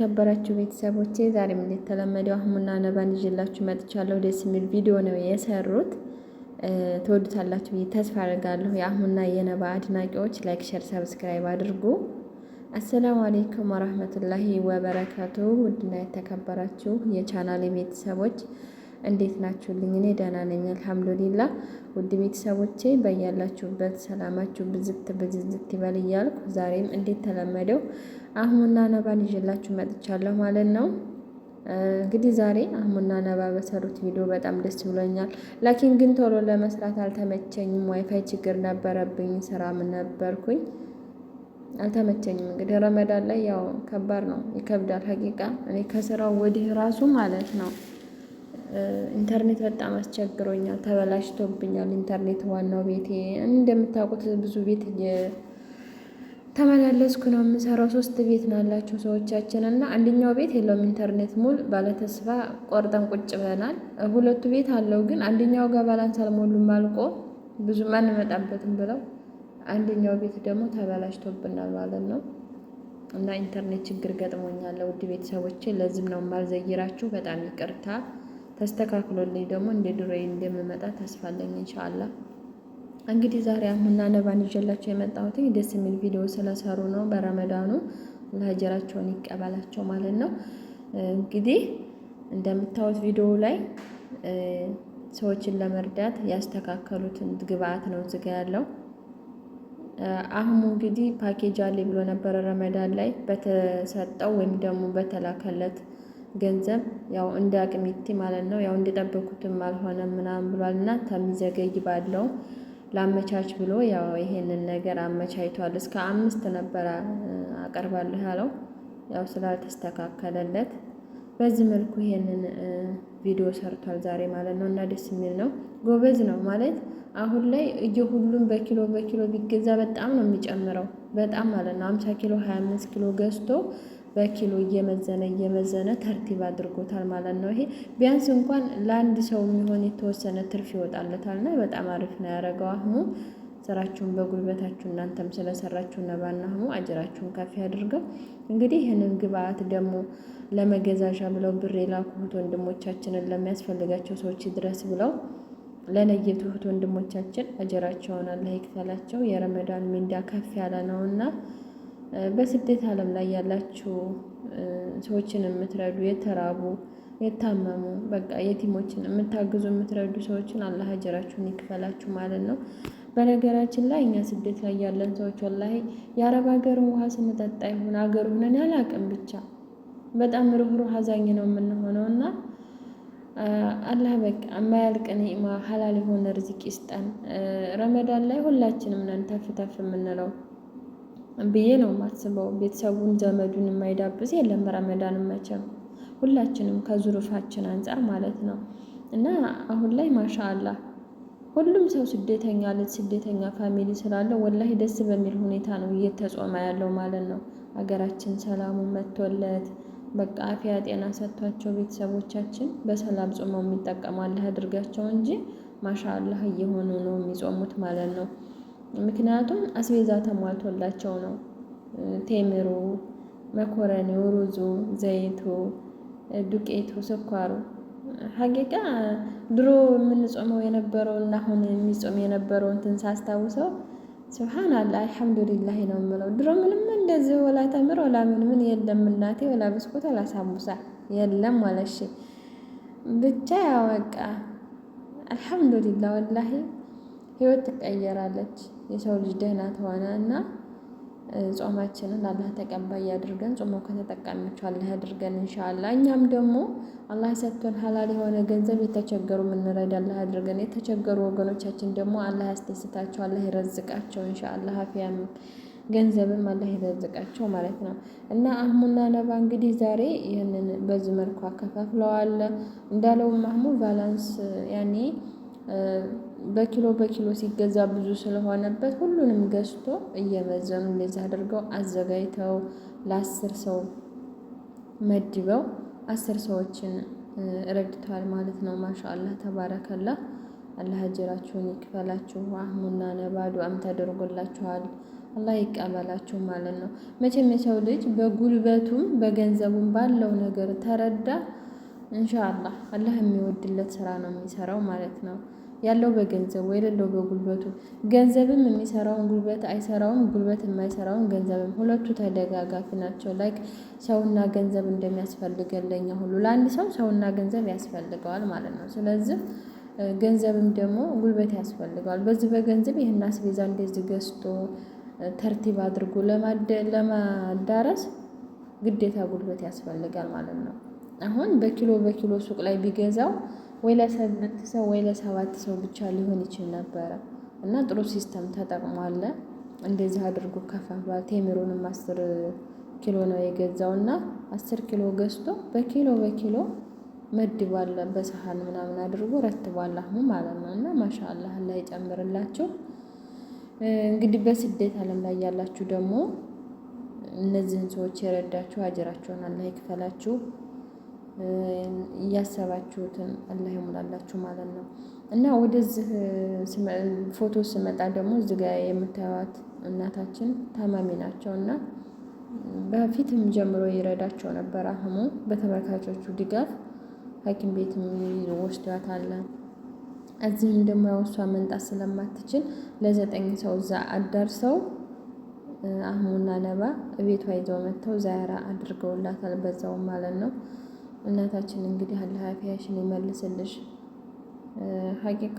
የተከበራችሁ ቤተሰቦቼ ዛሬም እንደተለመደው አህሙና ነባን ይዤላችሁ መጥቻለሁ። ደስ የሚል ቪዲዮ ነው የሰሩት፣ ትወዱታላችሁ ብዬ ተስፋ አድርጋለሁ። የአህሙና የነባ አድናቂዎች ላይክ፣ ሸር፣ ሰብስክራይብ አድርጉ። አሰላሙ አሌይኩም ወራህመቱላሂ ወበረካቱ። ውድና የተከበራችሁ የቻናሌ ቤተሰቦች እንዴት ናችሁልኝ? እኔ ደህና ነኝ አልሐምዱሊላ። ውድ ቤተሰቦቼ በያላችሁበት ሰላማችሁ ብዝት ብዝዝት ይበል እያልኩ ዛሬም ተለመደው። አህሙና ነባ ይዤላችሁ መጥቻለሁ ማለት ነው። እንግዲህ ዛሬ አህሙና ነባ በሰሩት ቪዲዮ በጣም ደስ ብሎኛል። ላኪን ግን ቶሎ ለመስራት አልተመቸኝም። ዋይፋይ ችግር ነበረብኝ፣ ስራም ነበርኩኝ፣ አልተመቸኝም። እንግዲህ ረመዳን ላይ ያው ከባድ ነው፣ ይከብዳል። ሀቂቃ እኔ ከስራው ወዲህ ራሱ ማለት ነው ኢንተርኔት በጣም አስቸግሮኛል፣ ተበላሽቶብኛል ኢንተርኔት። ዋናው ቤቴ እንደምታውቁት ብዙ ቤት ተመላለስኩ ነው የምሰራው። ሶስት ቤት ናላቸው ሰዎቻችን እና አንደኛው ቤት የለውም ኢንተርኔት ሙል ባለተስፋ ቆርጠን ቁጭ ብለናል። ሁለቱ ቤት አለው ግን አንደኛው ጋር ባላንስ አልሞሉም አልቆ ብዙ አንመጣበትም ብለው አንደኛው ቤት ደግሞ ተበላሽቶብናል ማለት ነው። እና ኢንተርኔት ችግር ገጥሞኛል። ውድ ቤተሰቦቼ ለዚህም ነው የማልዘይራችሁ። በጣም ይቅርታ። ተስተካክሎልኝ ደግሞ እንደ ድሮዬ እንደምመጣ ተስፋለኝ ኢንሻአላህ። እንግዲህ ዛሬ አህሙና ነባን ይዤላቸው የመጣሁት ደስ የሚል ቪዲዮ ስለሰሩ ነው። በረመዳኑ ለሀጀራቸውን ይቀበላቸው ማለት ነው። እንግዲህ እንደምታዩት ቪዲዮ ላይ ሰዎችን ለመርዳት ያስተካከሉትን ግብአት ነው እዚጋ ያለው። አህሙ እንግዲህ ፓኬጅ አለ ብሎ ነበረ ረመዳን ላይ በተሰጠው ወይም ደግሞ በተላከለት ገንዘብ ያው እንደ አቅሚቲ ማለት ነው ያው እንደጠበኩትም አልሆነም ምናምን ብሏል እና ከሚዘገይ ባለው ላመቻች ብሎ ያው ይሄንን ነገር አመቻችቷል። እስከ አምስት ነበር አቀርባለሁ ያለው ያው ስላልተስተካከለለት በዚህ መልኩ ይሄንን ቪዲዮ ሰርቷል ዛሬ ማለት ነው። እና ደስ የሚል ነው። ጎበዝ ነው ማለት አሁን ላይ እየሁሉም በኪሎ በኪሎ ቢገዛ በጣም ነው የሚጨምረው። በጣም ማለት ነው 50 ኪሎ 25 ኪሎ ገዝቶ በኪሎ እየመዘነ እየመዘነ ተርቲብ አድርጎታል ማለት ነው። ይሄ ቢያንስ እንኳን ለአንድ ሰው የሚሆን የተወሰነ ትርፍ ይወጣለታል ይወጣለታልና በጣም አሪፍ ነው ያደረገው አህሙ። ስራችሁን በጉልበታችሁ እናንተም ስለሰራችሁ ነባና አህሙ አጅራችሁን ከፍ ያድርገው። እንግዲህ ይህንን ግብአት ደግሞ ለመገዛዣ ብለው ብር የላኩት ወንድሞቻችንን ለሚያስፈልጋቸው ሰዎች ድረስ ብለው ለለየቱ እህት ወንድሞቻችን አጀራቸውን አላህ ይክፈላቸው። የረመዳን ሚንዳ ከፍ ያለ ነውና በስደት ዓለም ላይ ያላችሁ ሰዎችን የምትረዱ የተራቡ፣ የታመሙ በቃ የቲሞችን የምታግዙ የምትረዱ ሰዎችን አላህ አጀራችሁን ይክፈላችሁ ማለት ነው። በነገራችን ላይ እኛ ስደት ላይ ያለን ሰዎች ወላሂ የአረብ ሀገር ውሃ ስንጠጣ ይሁን ሀገር ሁነን ያላቅም ብቻ በጣም ሩህሩህ አዛኝ ነው የምንሆነው እና አላህ በቃ የማያልቅ ኒዕማ ሀላል የሆነ ርዝቅ ይስጠን። ረመዳን ላይ ሁላችንም ነን ተፍ ተፍ የምንለው ብዬ ነው የማስበው። ቤተሰቡን ዘመዱን የማይዳብስ የለም ረመዳን መቼም ሁላችንም ከዙርፋችን አንጻር ማለት ነው። እና አሁን ላይ ማሻአላ ሁሉም ሰው ስደተኛ ልጅ ስደተኛ ፋሚሊ ስላለው ወላሂ ደስ በሚል ሁኔታ ነው እየተጾመ ያለው ማለት ነው። አገራችን ሰላሙ መጥቶለት በቃ አፊያ ጤና ሰጥቷቸው ቤተሰቦቻችን በሰላም ጾመው የሚጠቀሙ አላህ እንጂ ማሻአላህ እየሆኑ ነው የሚጾሙት ማለት ነው። ምክንያቱም አስቤዛ ተሟልቶላቸው ነው። ቴምሩ፣ መኮረኒው፣ ሩዙ፣ ዘይቱ፣ ዱቄቱ፣ ስኳሩ ሀቂቃ ድሮ የምንጾመው የነበረውና አሁን የሚጾም የነበረውን እንትን ሳስታውሰው ስብሓን አልሐምዱሊላህ ነው የምለው። ድሮ ምንም እንደዚህ ወላ ተምር ወላ ምን ምን የለም እናቴ ወላ ብስኩት ወላ ሳሙሳ የለም ማለሽ ብቻ ያወቃ አልሐምዱሊላ ወላሂ ህይወት ትቀየራለች። የሰው ልጅ ደህና ተሆነ እና ጾማችንን አላህ ተቀባይ ያድርገን። ጾሞ ከተጠቃሚዎቹ አላህ ያድርገን እንሻላ። እኛም ደግሞ አላህ ሰጥቶን ሀላል የሆነ ገንዘብ የተቸገሩ የምንረዳ አላህ ያድርገን። የተቸገሩ ወገኖቻችን ደግሞ አላህ ያስደስታቸው፣ አላህ ይረዝቃቸው እንሻላ። ሀፊያም ገንዘብም አላህ ይረዝቃቸው ማለት ነው እና አህሙና ነባ እንግዲህ ዛሬ ይህንን በዚህ መልኩ አከፋፍለዋል። እንዳለውም አህሙ ቫላንስ ያኔ በኪሎ በኪሎ ሲገዛ ብዙ ስለሆነበት ሁሉንም ገዝቶ እየመዘኑ እንደዚህ አድርገው አዘጋጅተው ለአስር ሰው መድበው አስር ሰዎችን ረድተዋል ማለት ነው። ማሻአላህ ተባረከላ። አላህ አጀራችሁን ይክፈላችሁ። አህሙና ነባዱ አም ተደርጎላችኋል። አላህ ይቀበላችሁ ማለት ነው። መቼም የሰው ልጅ በጉልበቱም በገንዘቡም ባለው ነገር ተረዳ፣ እንሻአላህ አላህ የሚወድለት ስራ ነው የሚሰራው ማለት ነው። ያለው በገንዘብ የሌለው በጉልበቱ፣ ገንዘብም የሚሰራውን ጉልበት አይሰራውም፣ ጉልበት የማይሰራውን ገንዘብም። ሁለቱ ተደጋጋፊ ናቸው። ላይክ ሰውና ገንዘብ እንደሚያስፈልገን ለኛ ሁሉ ለአንድ ሰው ሰውና ገንዘብ ያስፈልገዋል ማለት ነው። ስለዚህ ገንዘብም ደግሞ ጉልበት ያስፈልገዋል። በዚህ በገንዘብ ይህን አስቤዛ እንደዚህ ገዝቶ ተርቲብ አድርጎ ለማዳረስ ግዴታ ጉልበት ያስፈልጋል ማለት ነው። አሁን በኪሎ በኪሎ ሱቅ ላይ ቢገዛው ወይ ለስምንት ሰው ወይ ለሰባት ሰው ብቻ ሊሆን ይችል ነበረ እና ጥሩ ሲስተም ተጠቅሟል። እንደዚህ አድርጎ ከፋፋ ቴምሩንም አስር ኪሎ ነው የገዛው እና አስር ኪሎ ገዝቶ በኪሎ በኪሎ መድቧል። በሰሃን ምናምን አድርጎ ረትቧል። አሁን ማለት ነው እና ማሻአላህ ላይ ጨምርላችሁ። እንግዲህ በስደት ዓለም ላይ ያላችሁ ደግሞ እነዚህን ሰዎች የረዳችሁ አጀራችሁን አላህ ይክፈላችሁ። እያሰባችሁትን አላህ ይሙላላችሁ ማለት ነው። እና ወደዚህ ፎቶ ስመጣ ደግሞ እዚህ ጋር የምታዩት እናታችን ታማሚ ናቸው እና በፊትም ጀምሮ ይረዳቸው ነበር። አህሙ በተመልካቾቹ ድጋፍ ሐኪም ቤት አለ። እዚህም ደግሞ ያወሷ መንጣት ስለማትችል ለዘጠኝ ሰው እዛ አዳርሰው አህሙና ነባ ቤቷ ይዘው መጥተው ዛያራ አድርገውላታል። በዛውም ማለት ነው እናታችን እንግዲህ አላህ ሀፊያሽን ይመልስልሽ። ሀቂቃ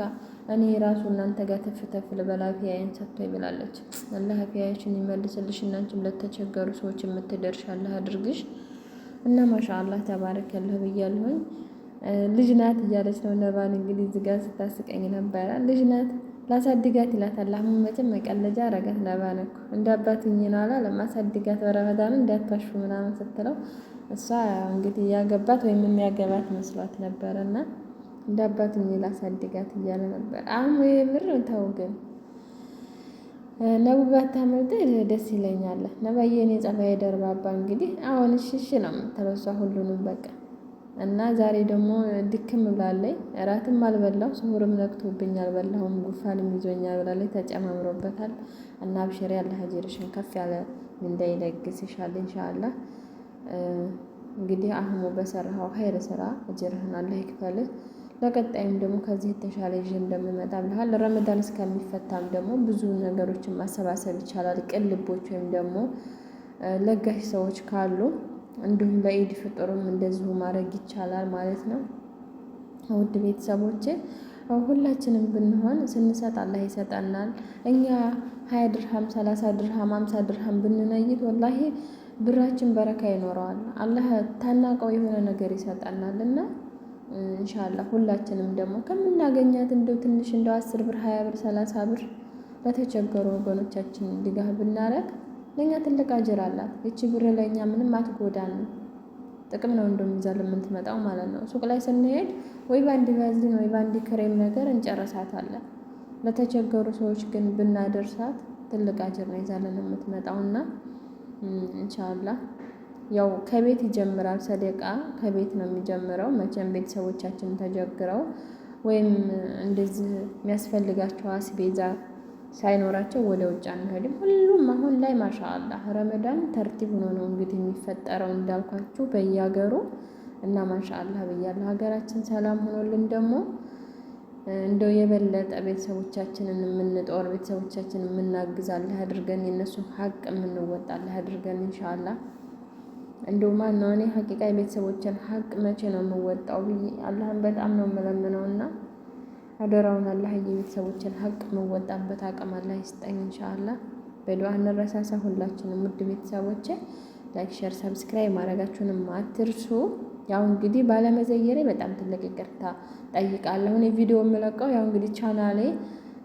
እኔ ራሱ እናንተ ጋር ተፍ ተፍ ልበል ሀፊያዬን ሰጥቶ ይብላለች። አላህ ሀፊያሽን ይመልስልሽ። እናንቺም ለተቸገሩ ሰዎች የምትደርሽ አላህ አድርግሽ እና ማሻአላህ ተባረክ ያለሁ ብያለሁኝ። ልጅ ናት እያለች ነው ነባን እንግዲህ እዚህ ጋር ስታስቀኝ ነበረ ልጅ ናት ላሳድጋት ይላታል። አሁን መቼም መቀለጃ አረጋት ለባለ እኮ እንደ አባትኝን አላለም ለማሳድጋት በረመዳን እንዳታሹ ምናምን ስትለው እሷ እንግዲህ እያገባት ወይም የሚያገባት መስሏት ነበር። እና እንደ አባትኝ ላሳድጋት እያለ ነበር። አሁን ወይ ምር ተው ግን ነቡ ባታመልጥ ደስ ይለኛል። ነባዬ እኔ ጸባዬ ደርባባ እንግዲህ አሁን ሽሽ ነው የምትለው እሷ ሁሉንም በቃ እና ዛሬ ደግሞ ድክም ብላለች። እራትም አልበላው ስሁርም ነቅቶብኝ አልበላሁም፣ ጉፋንም ይዞኛል ብላለች። ተጨማምሮበታል እና አብሽሪ አላህ አጅርሽን ከፍ ያለ ምንዳ ይለግስሻል ኢንሻአላህ። እንግዲህ አህሙ በሰራኸው ኸይር ስራ አጅርህን አላህ ይክፈልህ። ለቀጣይም ደግሞ ከዚህ የተሻለ ይዤ እንደምመጣ ብለሃል። ረመዳን እስከሚፈታም ደግሞ ብዙ ነገሮችን ማሰባሰብ ይቻላል። ቅን ልቦች ወይም ደግሞ ለጋሽ ሰዎች ካሉ እንዲሁም በኢድ ፍጥሩም እንደዚሁ ማድረግ ይቻላል ማለት ነው። ውድ ቤተሰቦቼ ሁላችንም ብንሆን ስንሰጥ አላህ ይሰጠናል። እኛ ሀያ ድርሃም ሰላሳ ድርሃም አምሳ ድርሃም ብንነይት ወላሂ ብራችን በረካ ይኖረዋል። አላህ ታናቀው የሆነ ነገር ይሰጠናል እና እንሻላ ሁላችንም ደግሞ ከምናገኛት እንደው ትንሽ እንደው አስር ብር ሀያ ብር ሰላሳ ብር ለተቸገሩ ወገኖቻችን ድጋፍ ብናረግ ለእኛ ትልቅ አጀር አላት። ይቺ ብር ለእኛ ምንም አትጎዳንም፣ ጥቅም ነው እንደውም የምትመጣው ማለት ነው። ሱቅ ላይ ስንሄድ ወይ በአንድ ቫዝሊን ወይ በአንድ ክሬም ነገር እንጨረሳታለን። ለተቸገሩ ሰዎች ግን ብናደርሳት ትልቅ አጀር ነው ይዛለን የምትመጣውና እንሻላ ያው ከቤት ይጀምራል። ሰደቃ ከቤት ነው የሚጀምረው። መቼም ቤተሰቦቻችን ተጀግረው ወይም እንደዚህ የሚያስፈልጋቸው አስቤዛ ሳይኖራቸው ወደ ውጭ አንሄድም። ሁሉም አሁን ላይ ማሻአላ ረመዳን ተርቲብ ሆኖ ነው እንግዲህ የሚፈጠረው እንዳልኳችሁ በየሀገሩ እና ማሻአላ ብያለሁ። ሀገራችን ሰላም ሆኖልን ደግሞ እንደው የበለጠ ቤተሰቦቻችንን የምንጦር ቤተሰቦቻችን የምናግዛለህ አድርገን የእነሱን ሀቅ የምንወጣለህ አድርገን እንሻላ እንደው ማነው እኔ ሀቂቃ የቤተሰቦችን ሀቅ መቼ ነው የምወጣው ብዬ አላህን በጣም ነው እና አደራውን አላህ የቤተሰቦችን ሀቅ የምወጣበት አቅም አላህ ይስጠኝ። እንሻአላ በዱዓ እንረሳሳ። ሁላችንም ውድ ቤተሰቦች ላይክ፣ ሸር፣ ሰብስክራይብ ማድረጋችሁንም አትርሱ። ያው እንግዲህ ባለመዘየሬ በጣም ትልቅ ይቅርታ ጠይቃለሁ። እኔ ቪዲዮ የምለቀው ያው እንግዲህ ቻናሌ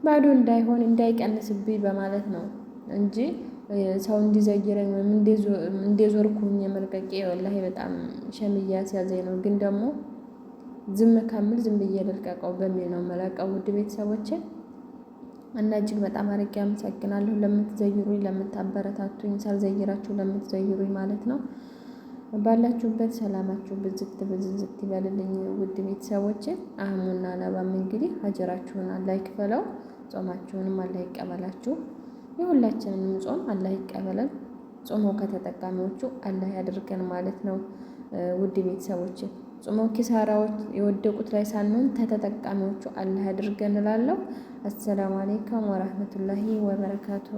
ባዶ እንዳይሆን እንዳይቀንስብኝ በማለት ነው እንጂ ሰው እንዲዘይረኝ ወይም እንደዞርኩኝ የመልቀቄ ወላሂ በጣም ሸምያ ሲያዘኝ ነው ግን ደግሞ ዝም ከምል ዝም ብዬ ልልቀቀው በሚል ነው መለቀው። ውድ ቤተሰቦችን እና እጅግ በጣም አድርጌ አመሰግናለሁ ለምትዘይሩኝ፣ ለምታበረታቱኝ፣ ሳልዘይራችሁ ለምትዘይሩኝ ማለት ነው። ባላችሁበት ሰላማችሁ ብዝት ብዝዝት ይበልልኝ ውድ ቤተሰቦችን አህሙና ነባም እንግዲህ ሀጀራችሁን አላህ ይክፈለው፣ ጾማችሁንም አላህ ይቀበላችሁ። የሁላችንም ጾም አላህ ይቀበለን፣ ጾመው ከተጠቃሚዎቹ አላህ ያድርገን ማለት ነው ውድ ቤተሰቦችን ፍጹም ኪሳራዎች የወደቁት ላይ ሳንሆን ተተጠቃሚዎቹ አላህ ያድርገን እላለሁ። አሰላሙ አሌይኩም ወረህመቱላሂ ወበረካቱ።